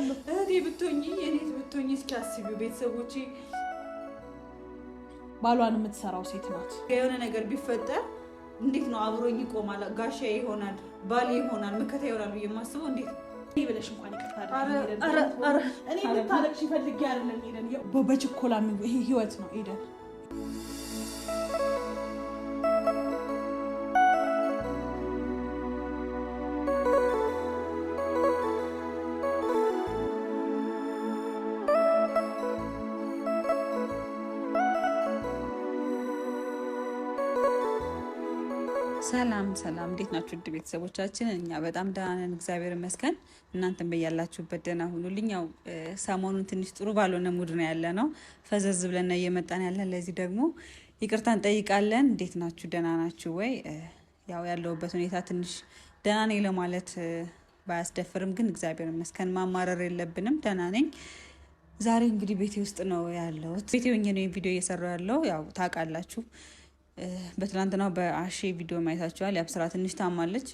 አውቃለሁ። እህቴ ብትሆኚ የኔት ብትሆኚ እስኪ አስቢው ቤተሰቦቼ ባሏን የምትሰራው ሴት ናት። የሆነ ነገር ቢፈጠር እንዴት ነው አብሮኝ ይቆማል፣ ጋሻ ይሆናል፣ ባል ይሆናል፣ መከታ ይሆናል ብዬ የማስበው እንዴት ብለሽ እንኳን እኔ ይፈልግ ያለ በችኮላ ይሄ ህይወት ነው ሰላም ሰላም፣ እንዴት ናችሁ? ውድ ቤተሰቦቻችን እኛ በጣም ደህና ነን፣ እግዚአብሔር ይመስገን። እናንተም በያላችሁበት ደህና ሁኑልኝ። ያው ሰሞኑን ትንሽ ጥሩ ባልሆነ ሙድ ነው ያለ ነው፣ ፈዘዝ ብለን እየመጣን ያለን። ለዚህ ደግሞ ይቅርታ እንጠይቃለን። እንዴት ናችሁ? ደህና ናችሁ ወይ? ያው ያለሁበት ሁኔታ ትንሽ ደህና ነኝ ለማለት ባያስደፍርም፣ ግን እግዚአብሔር ይመስገን ማማረር የለብንም፣ ደህና ነኝ። ዛሬ እንግዲህ ቤቴ ውስጥ ነው ያለሁት። ቤቴ ሆኜ ነው ቪዲዮ እየሰራሁ ያለው። ያው ታውቃላችሁ በትናንትናው በአሼ ቪዲዮ ማየታቸዋል የአብስራ ትንሽ ታማለች።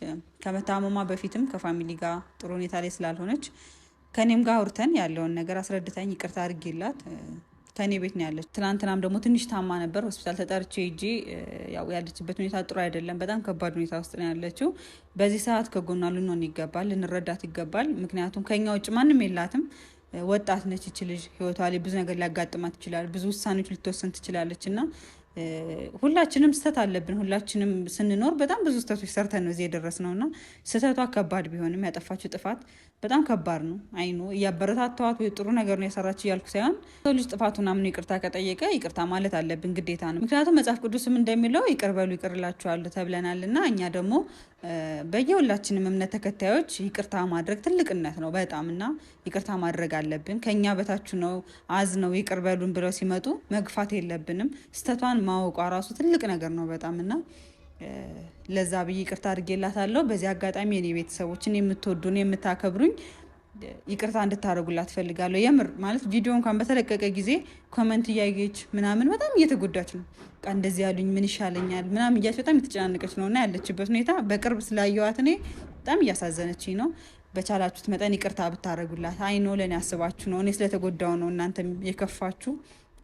ከመታመማ በፊትም ከፋሚሊ ጋር ጥሩ ሁኔታ ላይ ስላልሆነች ከእኔም ጋር አውርተን ያለውን ነገር አስረድታኝ ይቅርታ አድርጌላት ከእኔ ቤት ነው ያለች። ትናንትናም ደግሞ ትንሽ ታማ ነበር። ሆስፒታል ተጠርቼ ሄጄ ያለችበት ሁኔታ ጥሩ አይደለም። በጣም ከባድ ሁኔታ ውስጥ ነው ያለችው። በዚህ ሰዓት ከጎኗ ልንሆን ይገባል፣ ልንረዳት ይገባል። ምክንያቱም ከኛ ውጭ ማንም የላትም። ወጣት ነች ይች ልጅ። ህይወቷ ላይ ብዙ ነገር ሊያጋጥማት ይችላል። ብዙ ውሳኔዎች ልትወሰን ትችላለች እና ሁላችንም ስህተት አለብን። ሁላችንም ስንኖር በጣም ብዙ ስህተቶች ሰርተን ነው እዚህ የደረስነው እና ስህተቷ ከባድ ቢሆንም ያጠፋችው ጥፋት በጣም ከባድ ነው። አይኑ እያበረታተዋት ወይ ጥሩ ነገር ነው የሰራች እያልኩ ሳይሆን ሰው ልጅ ጥፋቱን አምኖ ይቅርታ ከጠየቀ ይቅርታ ማለት አለብን ግዴታ ነው። ምክንያቱም መጽሐፍ ቅዱስም እንደሚለው ይቅር በሉ ይቅርላችኋል ተብለናል እና እኛ ደግሞ በየሁላችንም እምነት ተከታዮች ይቅርታ ማድረግ ትልቅነት ነው በጣም እና ይቅርታ ማድረግ አለብን። ከኛ በታች ነው አዝ ነው ይቅር በሉን ብለው ሲመጡ መግፋት የለብንም። ስተቷን ማወቋ ራሱ ትልቅ ነገር ነው በጣም እና ለዛ ብዬ ይቅርታ አድርጌላታለሁ። በዚህ አጋጣሚ የኔ ቤተሰቦችን የምትወዱን የምታከብሩኝ ይቅርታ እንድታደርጉላት ፈልጋለሁ። የምር ማለት ቪዲዮ እንኳን በተለቀቀ ጊዜ ኮመንት እያየች ምናምን በጣም እየተጎዳች ነው። በቃ እንደዚህ ያሉኝ ምን ይሻለኛል ምናምን እያች በጣም የተጨናነቀች ነው እና ያለችበት ሁኔታ በቅርብ ስላየዋት እኔ በጣም እያሳዘነች ነው። በቻላችሁት መጠን ይቅርታ ብታደርጉላት። አይ ነው ለእኔ አስባችሁ ነው፣ እኔ ስለተጎዳው ነው እናንተ የከፋችሁ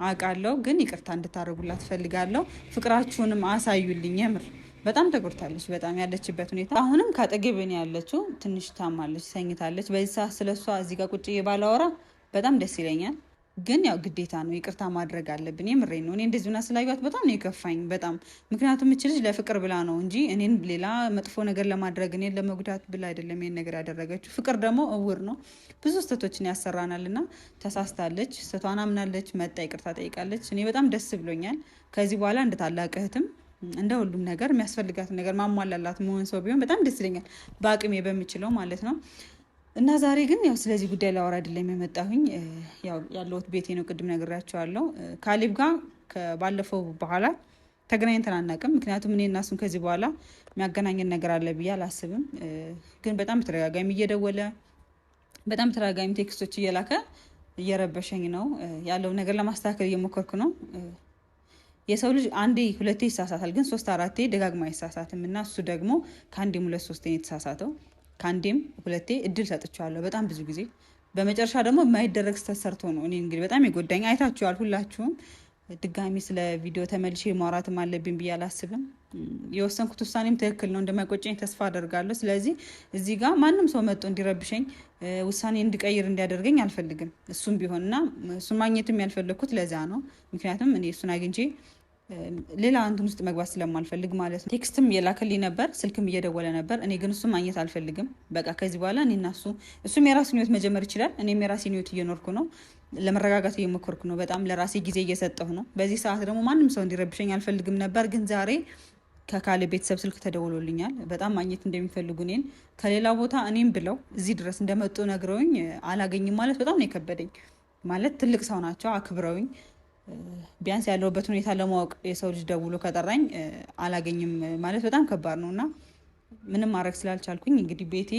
አውቃለሁ፣ ግን ይቅርታ እንድታደርጉላት ፈልጋለሁ። ፍቅራችሁንም አሳዩልኝ የምር በጣም ተጎድታለች። በጣም ያለችበት ሁኔታ አሁንም ከአጠገቤ ያለችው። ትንሽ ታማለች፣ ሰኝታለች። በዚህ ሰዓት ስለሷ እዚህ ጋር ቁጭ ባላወራ በጣም ደስ ይለኛል፣ ግን ያው ግዴታ ነው፣ ይቅርታ ማድረግ አለብን። የምሬ ነው። እኔ እንደዚህ ብና ስላዩት በጣም ነው የከፋኝ፣ በጣም ምክንያቱም እች ልጅ ለፍቅር ብላ ነው እንጂ እኔን ሌላ መጥፎ ነገር ለማድረግ እኔን ለመጉዳት ብላ አይደለም ይሄን ነገር ያደረገችው። ፍቅር ደግሞ እውር ነው፣ ብዙ ስህተቶችን ያሰራናል። እና ተሳስታለች፣ ስህተቷን አምናለች፣ መጣ ይቅርታ ጠይቃለች። እኔ በጣም ደስ ብሎኛል። ከዚህ በኋላ እንደ ታላቅ እህትም እንደ ሁሉም ነገር የሚያስፈልጋትን ነገር ማሟላላት መሆን ሰው ቢሆን በጣም ደስ ይለኛል፣ በአቅሜ በምችለው ማለት ነው። እና ዛሬ ግን ያው ስለዚህ ጉዳይ ላወራ አይደለም የመጣሁኝ። ያለሁት ቤቴ ነው፣ ቅድም ነግሬያቸዋለሁ። ካሌብ ጋር ከባለፈው በኋላ ተገናኝተን አናውቅም። ምክንያቱም እኔ እና ከዚህ በኋላ የሚያገናኘን ነገር አለ ብዬ አላስብም። ግን በጣም ተደጋጋሚ እየደወለ በጣም ተደጋጋሚ ቴክስቶች እየላከ እየረበሸኝ ነው። ያለውን ነገር ለማስተካከል እየሞከርኩ ነው። የሰው ልጅ አንዴ ሁለቴ ይሳሳታል፣ ግን ሶስት አራቴ ደጋግማ አይሳሳትም። እና እሱ ደግሞ ከአንዴም ሁለት ሶስቴ የተሳሳተው ከአንዴም ሁለቴ እድል ሰጥቼዋለሁ በጣም ብዙ ጊዜ። በመጨረሻ ደግሞ የማይደረግ ስተት ሰርቶ ነው እኔ እንግዲህ በጣም የጎዳኝ አይታችኋል ሁላችሁም ድጋሚ ስለ ቪዲዮ ተመልሼ ማውራትም አለብኝ ብዬ አላስብም። የወሰንኩት ውሳኔም ትክክል ነው፣ እንደማይቆጨኝ ተስፋ አደርጋለሁ። ስለዚህ እዚህ ጋር ማንም ሰው መጥቶ እንዲረብሸኝ ውሳኔ እንድቀይር እንዲያደርገኝ አልፈልግም። እሱም ቢሆንና እሱን ማግኘትም ያልፈለግኩት ለዛ ነው። ምክንያቱም እኔ እሱን አግኝቼ ሌላ እንትን ውስጥ መግባት ስለማልፈልግ ማለት ነው። ቴክስትም የላከልኝ ነበር፣ ስልክም እየደወለ ነበር። እኔ ግን እሱ ማግኘት አልፈልግም። በቃ ከዚህ በኋላ እኔና እሱ እሱም የራሱን ህይወት መጀመር ይችላል። እኔም የራሴን ህይወት እየኖርኩ ነው። ለመረጋጋት እየሞከርኩ ነው። በጣም ለራሴ ጊዜ እየሰጠሁ ነው። በዚህ ሰዓት ደግሞ ማንም ሰው እንዲረብሸኝ አልፈልግም ነበር። ግን ዛሬ ከካሌብ ቤተሰብ ስልክ ተደውሎልኛል። በጣም ማግኘት እንደሚፈልጉ እኔን ከሌላ ቦታ እኔም ብለው እዚህ ድረስ እንደመጡ ነግረውኝ አላገኝም ማለት በጣም ነው የከበደኝ። ማለት ትልቅ ሰው ናቸው አክብረውኝ ቢያንስ ያለሁበት ሁኔታ ለማወቅ የሰው ልጅ ደውሎ ከጠራኝ አላገኝም ማለት በጣም ከባድ ነው እና ምንም ማድረግ ስላልቻልኩኝ እንግዲህ ቤቴ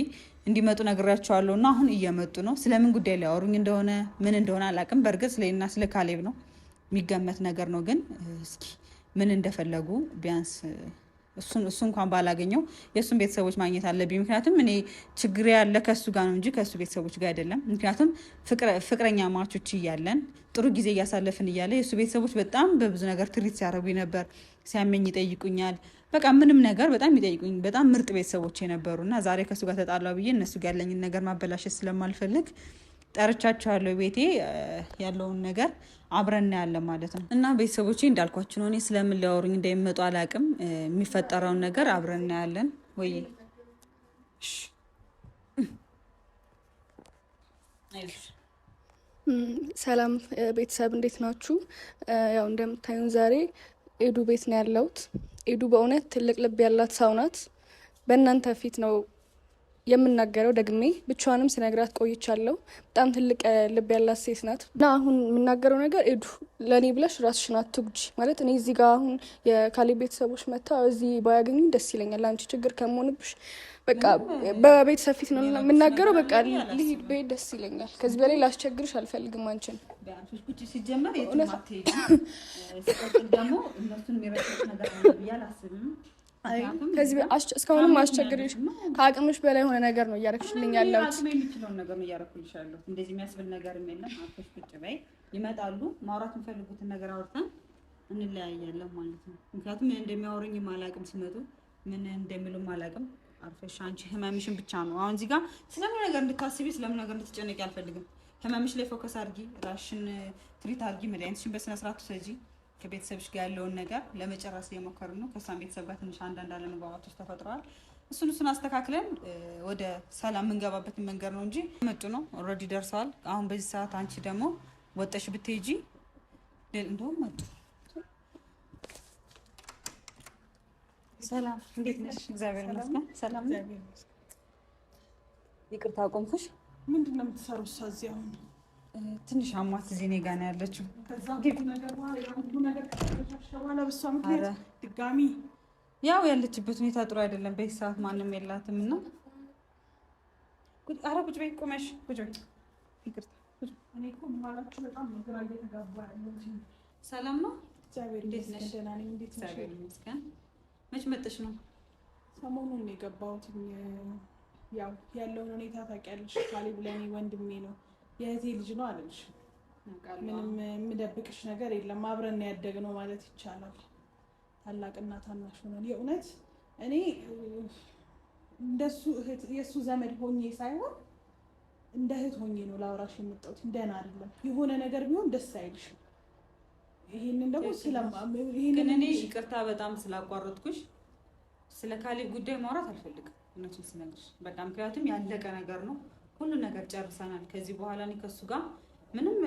እንዲመጡ ነግሬያቸዋለሁ እና አሁን እየመጡ ነው። ስለምን ጉዳይ ሊያወሩኝ እንደሆነ ምን እንደሆነ አላውቅም። በእርግጥ ስለና ስለ ካሌብ ነው የሚገመት ነገር ነው። ግን እስኪ ምን እንደፈለጉ ቢያንስ እሱ እንኳን ባላገኘው የእሱን ቤተሰቦች ማግኘት አለብኝ። ምክንያቱም እኔ ችግር ያለ ከእሱ ጋር ነው እንጂ ከእሱ ቤተሰቦች ጋር አይደለም። ምክንያቱም ፍቅረኛ ማቾች እያለን ጥሩ ጊዜ እያሳለፍን እያለ የእሱ ቤተሰቦች በጣም በብዙ ነገር ትሪት ሲያደርጉኝ ነበር። ሲያመኝ ይጠይቁኛል። በቃ ምንም ነገር በጣም ይጠይቁኝ። በጣም ምርጥ ቤተሰቦች የነበሩ እና ዛሬ ከእሱ ጋር ተጣላው ብዬ እነሱ ጋር ያለኝን ነገር ማበላሸት ስለማልፈልግ ያለው ቤቴ ያለውን ነገር አብረን ያለ ማለት ነው። እና ቤተሰቦቼ እንዳልኳችሁ ነው። እኔ ስለምን ሊያወሩኝ እንደሚመጡ አላቅም። የሚፈጠረውን ነገር አብረን ያለን ወይ ሰላም ቤተሰብ እንዴት ናችሁ? ያው እንደምታዩን ዛሬ ኤዱ ቤት ነው ያለሁት። ኤዱ በእውነት ትልቅ ልብ ያላት ሰው ናት። በእናንተ ፊት ነው የምናገረው ደግሜ ብቻዋንም ስነግራት ቆይቻለሁ። በጣም ትልቅ ልብ ያላት ሴት ናት እና አሁን የምናገረው ነገር ኤዱ ለእኔ ብለሽ ራስሽን አትጉጂ ማለት እኔ እዚህ ጋር አሁን የካሌብ ቤተሰቦች መታ እዚህ ባያገኙ ደስ ይለኛል። አንቺ ችግር ከመሆንብሽ በቃ በቤተሰብ ፊት ነው የምናገረው። በቃ ልሂድ በይ ደስ ይለኛል። ከዚህ በላይ ላስቸግርሽ አልፈልግም አንቺን ሲጀመር ከዚህ እስካሁንም አስቸግሬሽ ከአቅምሽ በላይ የሆነ ነገር ነው እያደረግሽልኝ ያለሁት። አቅሜ የሚችለውን ነገር ነው እያደረግኩልሽ ያለሁት። እንደዚህ የሚያስብል ነገር የለም። አርፈሽ ቁጭ በይ። ይመጣሉ። ማውራት የሚፈልጉትን ነገር አውርተን እንለያያለን ማለት ነው። ምክንያቱም ምን እንደሚያወሩኝም አላቅም፣ ሲመጡ ምን እንደሚሉም አላቅም። አርፈሽ አንቺ ህመምሽን ብቻ ነው አሁን እዚህ ጋር ስለምን ነገር እንድታስቢ ስለምን ነገር እንድትጨነቂ አልፈልግም። ህመምሽ ላይ ፎከስ አድርጊ፣ ራሽን ትሪት አድርጊ፣ መድኃኒትሽን በስነስርዓቱ ሰጂ ከቤተሰብሽ ጋር ያለውን ነገር ለመጨረስ እየሞከርን ነው። ከእሷም ቤተሰብ ጋር ትንሽ አንዳንድ አለመግባባቶች ተፈጥረዋል። እሱን እሱን አስተካክለን ወደ ሰላም የምንገባበት መንገድ ነው እንጂ መጡ ነው። ኦልሬዲ ደርሰዋል። አሁን በዚህ ሰዓት አንቺ ደግሞ ወጠሽ ብትሄጂ እንደውም መጡ። ሰላም እንዴት ነሽ? እግዚአብሔር ይመስገን። ሰላም ይቅርታ አቆምኩሽ። ምንድን ነው የምትሰሩት እዚህ አሁን? ትንሽ አሟት እዚህ እኔ ጋር ነው ያለችው። ድጋሚ ያው ያለችበት ሁኔታ ጥሩ አይደለም። በዚህ ሰዓት ማንም የላትም እና አረ ቁጭ በይ ቁመሽ ቁጭ በይ። ሰላም ነው? እንዴት መች መጥሽ ነው? ሰሞኑን ነው የገባሁት። ያው ያለውን ሁኔታ ታውቂያለሽ። ካሌብ ለእኔ ወንድሜ ነው የእህቴ ልጅ ነው አልልሽም። ምንም የምደብቅሽ ነገር የለም። አብረን ነው ማለት ይቻላል። ታላቅና ታናሽ ሆነን የእውነት እኔ እንደሱ እህት የእሱ ዘመድ ሆኜ ሳይሆን እንደ እህት ሆኜ ነው ለአውራሽ የመጣሁት። ደህና አይደለም። የሆነ ነገር ቢሆን ደስ አይልሽም። ይህንን ደግሞ ግን እኔ ይቅርታ በጣም ስላቋረጥኩሽ፣ ስለ ካሌ ጉዳይ ማውራት አልፈልግም እውነቱን ስነግርሽ በጣም ምክንያቱም ያለቀ ነገር ነው ሁሉ ነገር ጨርሰናል። ከዚህ በኋላ እኔ ከሱ ጋር ምንም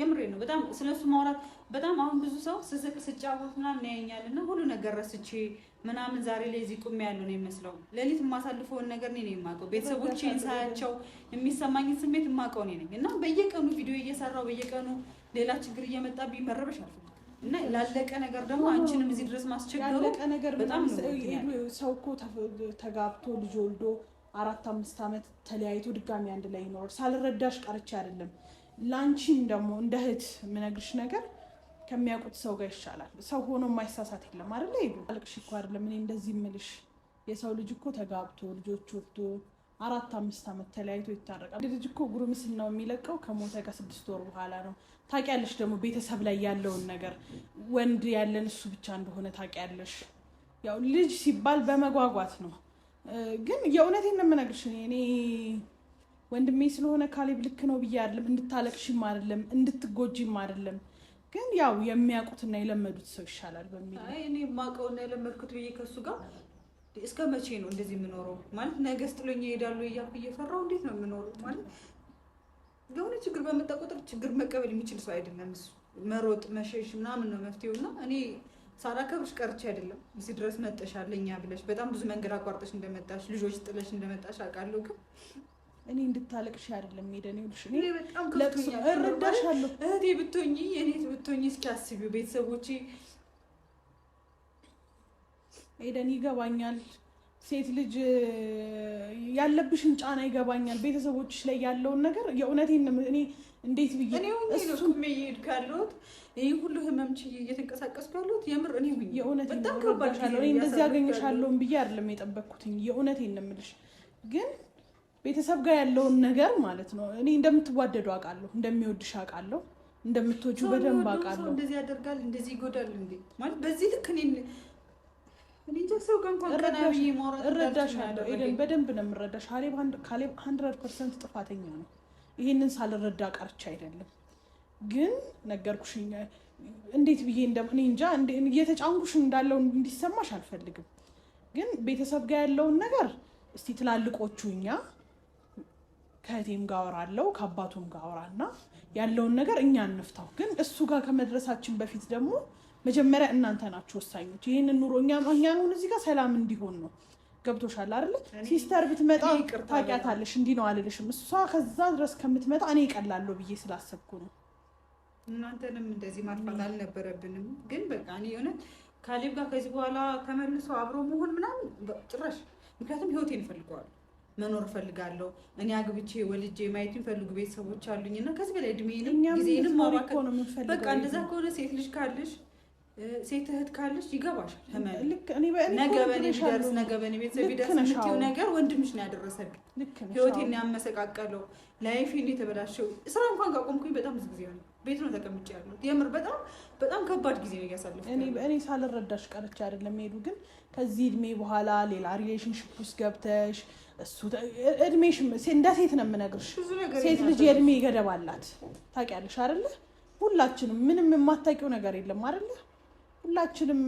የምሬ ነው። በጣም ስለሱ ማውራት በጣም አሁን ብዙ ሰው ስስቅ ስጫወት ምናምን ያየኛል እና ሁሉ ነገር ረስቼ ምናምን ዛሬ ላይ እዚህ ቁሜ ያለው ነው የሚመስለው። ሌሊት የማሳልፈውን ነገር እኔ ነው የማውቀው። ቤተሰቦቼን ሳያቸው የሚሰማኝን ስሜት የማውቀው እኔ ነኝ እና በየቀኑ ቪዲዮ እየሰራው በየቀኑ ሌላ ችግር እየመጣብኝ መረበሽ አልፈልግም እና ላለቀ ነገር ደግሞ አንቺንም እዚህ ድረስ ማስቸገሩ ነገር በጣም ሰው እኮ ተጋብቶ ልጅ ወልዶ አራት አምስት ዓመት ተለያይቶ ድጋሚ አንድ ላይ ይኖራል። ሳልረዳሽ ቀርቼ አይደለም። ላንቺም ደግሞ እንደ እህት የምነግርሽ ነገር ከሚያውቁት ሰው ጋር ይሻላል። ሰው ሆኖ ማይሳሳት የለም አይደለ? ሄዱ አልቅሽ እኮ አይደለም እኔ እንደዚህ ምልሽ። የሰው ልጅ እኮ ተጋብቶ ልጆች ወጥቶ አራት አምስት ዓመት ተለያይቶ ይታረቃል። ልጅ እኮ ጉርምስናው የሚለቀው ከሞተ ከስድስት ወር በኋላ ነው። ታውቂያለሽ ደግሞ ቤተሰብ ላይ ያለውን ነገር ወንድ ያለን እሱ ብቻ እንደሆነ ታውቂያለሽ። ያው ልጅ ሲባል በመጓጓት ነው ግን የእውነቴን ነው የምነግርሽ እኔ ወንድሜ ስለሆነ ካሌብ ልክ ነው ብዬ አይደለም፣ እንድታለቅሽም አይደለም፣ እንድትጎጂም አይደለም። ግን ያው የሚያውቁትና የለመዱት ሰው ይሻላል በሚል እኔ የማውቀውና የለመድኩት ብዬ ከሱ ጋር እስከ መቼ ነው እንደዚህ የምኖረው? ማለት ነገስ ስጥሎኝ ይሄዳሉ እያልኩ እየፈራሁ እንዴት ነው የምኖረው? ማለት የሆነ ችግር በመጣ ቁጥር ችግር መቀበል የሚችል ሰው አይደለም። መሮጥ መሸሽ ምናምን ነው መፍትሄውና እኔ ሳላከብርሽ ቀርቼ አይደለም እዚህ ድረስ መጠሻል እኛ ብለሽ በጣም ብዙ መንገድ አቋርጠሽ እንደመጣሽ ልጆች ጥለሽ እንደመጣሽ አውቃለሁ። ግን እኔ እንድታለቅሽ አይደለም ሄደን ይልሽ እኔ በጣም እረዳሻለሁ። እህቴ ብትሆኚ እኔ ብትሆኚ እስኪ አስቢው ቤተሰቦቼ ሄደን ይገባኛል ሴት ልጅ ያለብሽን ጫና ይገባኛል። ቤተሰቦችሽ ላይ ያለውን ነገር የእውነቴን እኔ እንዴት ብዬ እኔ ሄድ ካለት ይህ ሁሉ ህመም ችዬ እየተንቀሳቀስኩ ያለሁት የምር እኔ የእውነቴን እንደዚህ ያገኘሻለውን ብዬ አይደለም የጠበቅኩትኝ። የእውነቴን ነው የምልሽ ግን ቤተሰብ ጋር ያለውን ነገር ማለት ነው። እኔ እንደምትዋደዱ አውቃለሁ፣ እንደሚወድሽ አውቃለሁ፣ እንደምትወጁ በደንብ አውቃለሁ። እንደዚህ ያደርጋል፣ እንደዚህ ይጎዳል። እንዴ ማለት በዚህ ልክ እኔ እረዳሻለሁ በደንብ ነው የምረዳሽ። ካሌብ ሀንድረድ ፐርሰንት ጥፋተኛ ነው። ይህንን ሳልረዳ ቀርቼ አይደለም፣ ግን ነገርኩሽኝ። እንዴት ብዬ እኔ እንጃ። እየተጫንኩሽ እንዳለው እንዲሰማሽ አልፈልግም። ግን ቤተሰብ ጋር ያለውን ነገር እስቲ ትላልቆቹ እኛ ከእህቴም ጋር አወራለሁ ከአባቱም ጋር አወራና ያለውን ነገር እኛ እንፍታው። ግን እሱ ጋር ከመድረሳችን በፊት ደግሞ መጀመሪያ እናንተ ናችሁ ወሳኞች። ይህንን ኑሮ እኛኑን እዚህ ጋር ሰላም እንዲሆን ነው። ገብቶሻል አይደለ? ሲስተር ብትመጣ ታውቂያታለሽ፣ እንዲህ ነው አልልሽም። እሷ ከዛ ድረስ ከምትመጣ እኔ እቀላለሁ ብዬ ስላሰብኩ ነው። እናንተንም እንደዚህ ማጥፋት አልነበረብንም። ግን በቃ እኔ የእውነት ካሌብ ጋር ከዚህ በኋላ ተመልሶ አብሮ መሆን ምናምን ጭራሽ። ምክንያቱም ህይወቴን እፈልገዋለሁ፣ መኖር እፈልጋለሁ። እኔ አግብቼ ወልጄ ማየት የሚፈልጉ ቤተሰቦች አሉኝ እና ከዚህ በላይ እድሜንም ጊዜንም በቃ እንደዛ ከሆነ ሴት ልጅ ካለሽ ሴት እህት ካለች ይገባሻል። ነገ በኔ ቢደርስ ነገ በኔ ቤተሰብ ቢደርስ የምትይው ነገር ወንድምሽ ነው ያደረሰብኝ፣ ህይወቴን ያመሰቃቀለው፣ ላይፌን የተበላሸው። ስራ እንኳን ካቆምኩኝ በጣም ብዙ ጊዜ ሆነ። ቤት ነው ተቀምጬ ያለሁት። የምር በጣም በጣም ከባድ ጊዜ ነው እያሳለፍኩ። እኔ ሳልረዳሽ ቀርቼ አይደለም ሄዱ፣ ግን ከዚህ እድሜ በኋላ ሌላ ሪሌሽንሽፕ ውስጥ ገብተሽ እሱ እድሜሽ እንደ ሴት ነው የምነግርሽ። ሴት ልጅ የእድሜ ገደብ አላት ታውቂያለሽ አይደለ? ሁላችንም ምንም የማታውቂው ነገር የለም አይደለ? ሁላችንም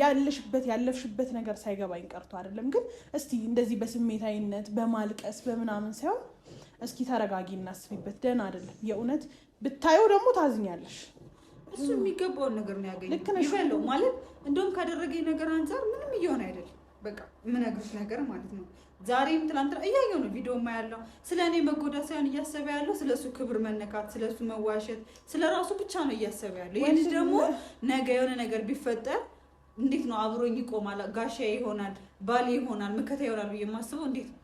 ያለሽበት ያለፍሽበት ነገር ሳይገባኝ ቀርቶ አይደለም። ግን እስቲ እንደዚህ በስሜታዊነት በማልቀስ በምናምን ሳይሆን እስኪ ተረጋጊ እናስቢበት። ደህና አይደለም። የእውነት ብታየው ደግሞ ታዝኛለሽ። እሱ የሚገባውን ነገር ነው ያገኘው። ልክ ነሽ ማለት እንደውም ካደረገኝ ነገር አንጻር ምንም እየሆነ አይደለም። በቃ የምነግርሽ ነገር ማለት ነው ዛሬም ትላንት እያየው ነው ቪዲዮ ያለው ስለ እኔ መጎዳት ሳይሆን እያሰበ ያለው ስለ እሱ ክብር መነካት፣ ስለ እሱ መዋሸት፣ ስለ ራሱ ብቻ ነው እያሰበ ያለው። ይህ ደግሞ ነገ የሆነ ነገር ቢፈጠር እንዴት ነው አብሮኝ ይቆማል፣ ጋሻ ይሆናል፣ ባል ይሆናል፣ ምከታ ይሆናል ብዬ የማስበው እንዴት ነው።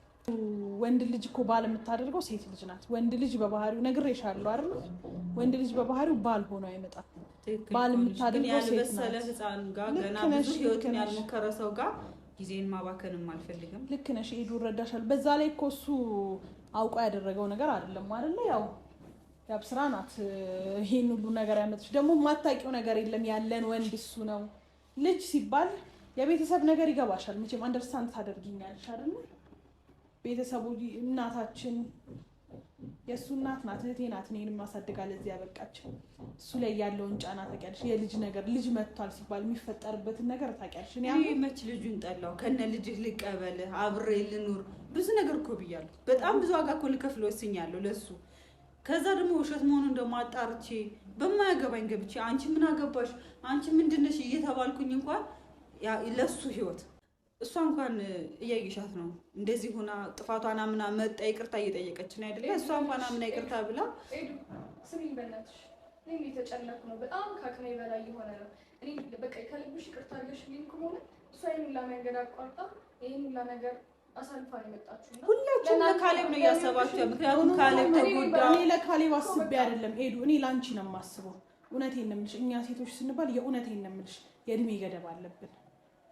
ወንድ ልጅ እኮ ባል የምታደርገው ሴት ልጅ ናት። ወንድ ልጅ በባህሪው ነግሬሻለሁ አይደል? ወንድ ልጅ በባህሪው ባል ሆኖ አይመጣም። ባል የምታደርገው ሴት ናት። ያልበሰለ ህፃን ጋር ገና ብዙ ህይወትን ያልሞከረ ሰው ጋር ጊዜን ማባከንም አልፈልግም። ልክ ነሽ ሄዱ ረዳሻል። በዛ ላይ እኮ እሱ አውቃ ያደረገው ነገር አይደለም አይደለ? ያው ያብ ስራ ናት። ይሄን ሁሉ ነገር ያመጣች ደግሞ የማታውቂው ነገር የለም። ያለን ወንድ እሱ ነው። ልጅ ሲባል የቤተሰብ ነገር ይገባሻል መቼም፣ አንደርስታንድ ታደርጊኛለሽ አይደለ? ቤተሰቡ እናታችን የእሱ እናት ናት፣ እህቴ ናት። እኔን ማሳደግ ለዚህ ያበቃች። እሱ ላይ ያለውን ጫና ታውቂያለሽ። የልጅ ነገር ልጅ መጥቷል ሲባል የሚፈጠርበትን ነገር ታውቂያለሽ። መች ልጁን ጠላው? ከነ ልጅ ልቀበልህ፣ አብሬ ልኑር፣ ብዙ ነገር እኮ ብያለሁ። በጣም ብዙ ዋጋ እኮ ልከፍል ወስኛለሁ ለእሱ። ከዛ ደግሞ ውሸት መሆኑን ደግሞ አጣርቼ በማያገባኝ ገብቼ አንቺ ምን አገባሽ፣ አንቺ ምንድነሽ እየተባልኩኝ እንኳን ለሱ ህይወት እሷ እንኳን እያየሻት ነው እንደዚህ ሆና ጥፋቷን አምና መጣ ይቅርታ እየጠየቀች ነው አይደለ? እሷ እንኳን አምና ይቅርታ ብላ ስሚኝ፣ በእናትሽ እኔ እየተጨነኩ ነው። በጣም ከአቅሜ በላይ የሆነ ነው። እኔ በቃ ከልብሽ ይቅርታ አድርገሽልኝ ከሆነ እሷ ይህን ሁላ መንገድ አቋርጣ ይህን ሁላ ነገር አሳልፋ ነው የመጣችው። ሁላችሁም ለካሌብ ነው እያሰባችሁ። ምክንያቱም ካሌብ ተጎዳ። እኔ ለካሌብ አስቤ አይደለም ሄዱ፣ እኔ ለአንቺ ነው የማስበው። እውነቴን ነው የምልሽ፣ እኛ ሴቶች ስንባል የእውነቴን ነው የምልሽ፣ የእድሜ ገደብ አለብን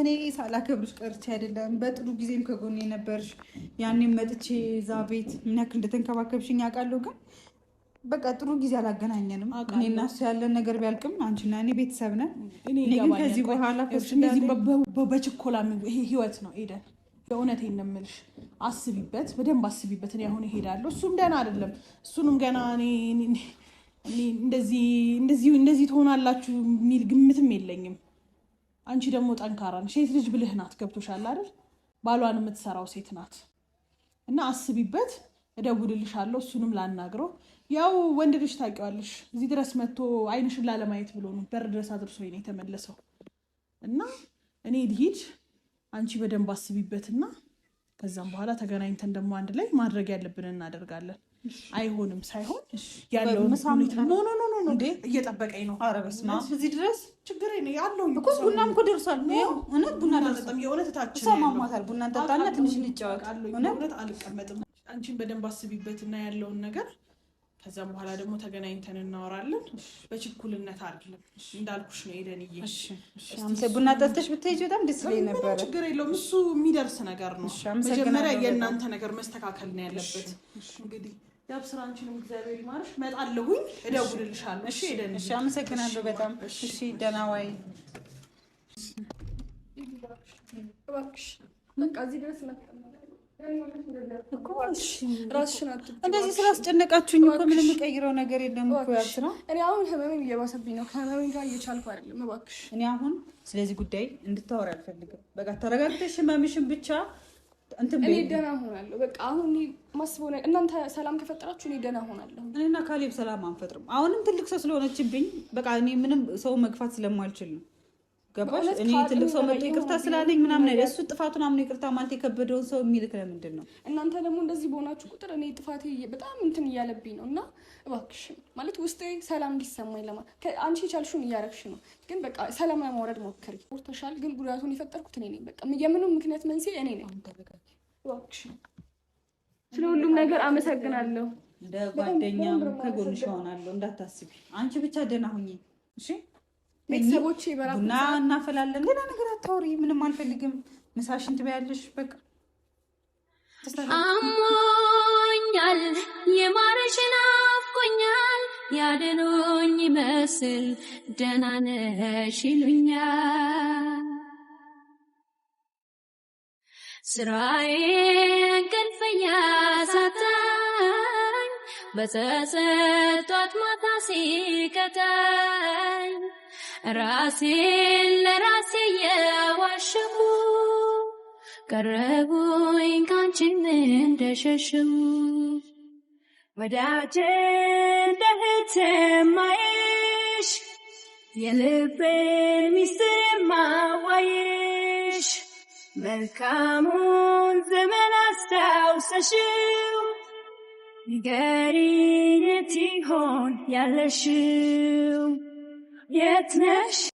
እኔ ሳላከብርሽ ቀርቼ አይደለም። በጥሩ ጊዜም ከጎን የነበርሽ ያኔም መጥቼ እዛ ቤት ምን ያክል እንደተንከባከብሽኝ አውቃለሁ። ግን በቃ ጥሩ ጊዜ አላገናኘንም። እኔ እና እሱ ያለን ነገር ቢያልቅም አንቺና እኔ ቤተሰብ ነን። እኔ ግን ከዚህ በኋላ በችኮላ ይሄ ህይወት ነው ኤደን። በእውነት የምልሽ አስቢበት፣ በደንብ አስቢበት። እኔ አሁን እሄዳለሁ። እሱም ደህና አይደለም። እሱንም ገና እንደዚህ እንደዚህ ትሆናላችሁ የሚል ግምትም የለኝም አንቺ ደግሞ ጠንካራ ነሽ። ሴት ልጅ ብልህ ናት። ገብቶሻል አይደል? ባሏን የምትሰራው ሴት ናት። እና አስቢበት። እደውልልሻለሁ። እሱንም ላናግረው። ያው ወንድ ልጅ ታውቂዋለሽ፣ እዚህ ድረስ መጥቶ አይንሽን ላለማየት ብሎ ነው በር ድረስ አድርሶ ነው የተመለሰው። እና እኔ ልሂድ፣ አንቺ በደንብ አስቢበትና ከዛም በኋላ ተገናኝተን ደግሞ አንድ ላይ ማድረግ ያለብን እናደርጋለን። አይሆንም ሳይሆን ያለው እንዴ እየጠበቀኝ ነው። ኧረ በስመ አብ እዚህ ድረስ ችግር ያለው እኮ ቡናም እኮ ደርሷል። እውነት ቡና ሰማሟታል። ቡና እንጠጣና ትንሽ እንጫወት። እውነት አልቀመጥም። አንቺን በደንብ አስቢበት እና ያለውን ነገር ከዛም በኋላ ደግሞ ተገናኝተን እናወራለን። በችኩልነት አይደለም እንዳልኩሽ ነው ኤደንዬ። ቡና ጠጥተሽ ብትሄጂ በጣም ደስ ይለኝ ነበር። ችግር የለውም እሱ የሚደርስ ነገር ነው። መጀመሪያ የእናንተ ነገር መስተካከል ነው ያለበት። እንግዲህ ያብ ስራ እግዚአብሔር ይማርሽ። እመጣለሁኝ፣ እደውልልሻለሁ። እሺ ኤደንዬ፣ አመሰግናለሁ በጣም እሺ። ደህና ዋይ። እባክሽ በቃ እዚህ ድረስ መጣ እንደዚህ ስላስጨነቃችሁኝ እኮ ምንም የምቀይረው ነገር የለም እኮ ያልሽ ነው። እኔ አሁን ህመሜን እየባሰብኝ ነው። ከህመሜን ጋር እየቻልኩ አይደለም። እባክሽ እኔ አሁን ስለዚህ ጉዳይ እንድታወሪ አልፈልግም። በቃ ተረጋግተሽ ህመምሽን ብቻ እኔ ደህና በቃ አሁን ማስበው እናንተ ሰላም ከፈጠራችሁ እኔ ደህና ሆናለሁ። እኔና ካሌብ ሰላም አንፈጥርም። አሁንም ትልቅ ሰው ስለሆነችብኝ በቃ እኔ ምንም ሰው መግፋት ስለማልችል ነው ገባሽ? እኔ ትልቅ ሰው መጥቶ ይቅርታ ስላለኝ ምናምን አይደል፣ እሱ ጥፋቱን አምኖ ይቅርታ ማለት የከበደውን ሰው የሚልክ ለምንድን ነው? እናንተ ደግሞ እንደዚህ በሆናችሁ ቁጥር እኔ ጥፋቴ በጣም እንትን እያለብኝ ነው። እና እባክሽ ማለት ውስጤ ሰላም እንዲሰማኝ ለማ አንቺ የቻልሽውን እያረግሽ ነው፣ ግን በቃ ሰላም ለማውረድ ሞክሪ። ተሻል ግን ጉዳቱን የፈጠርኩት እኔ ነኝ። በቃ የምንም ምክንያት መንስኤ እኔ ነኝ። ስለ ሁሉም ነገር አመሰግናለሁ። እንደ ጓደኛም ከጎንሽ እሆናለሁ። እንዳታስቢ፣ አንቺ ብቻ ደህና ሁኚ እሺ። ቤተሰቦች ቡና እናፈላለን። ሌላ ነገር አታውሪ፣ ምንም አልፈልግም። ምሳሽን ትበያለሽ። በቃ አሞኛል፣ የማረሽ ናፍቆኛል፣ ያደኖኝ ይመስል ደህና ነሽ ይሉኛል። ስራዬ እንቅልፍ ሳታኝ በጸጸት ጧት ማታ ሲቀጣኝ ራሴን ለራሴ የዋሸሁ ቀረቡኝ ካንቺን እንደሸሸሁ ወዳጄ እንደ እህት ማየሽ የልቤን ሚስጥር ማዋየሽ መልካሙን ዘመን አስታውሰሽው ንገሪኝ የት ይሆን ያለሽው? yetmiş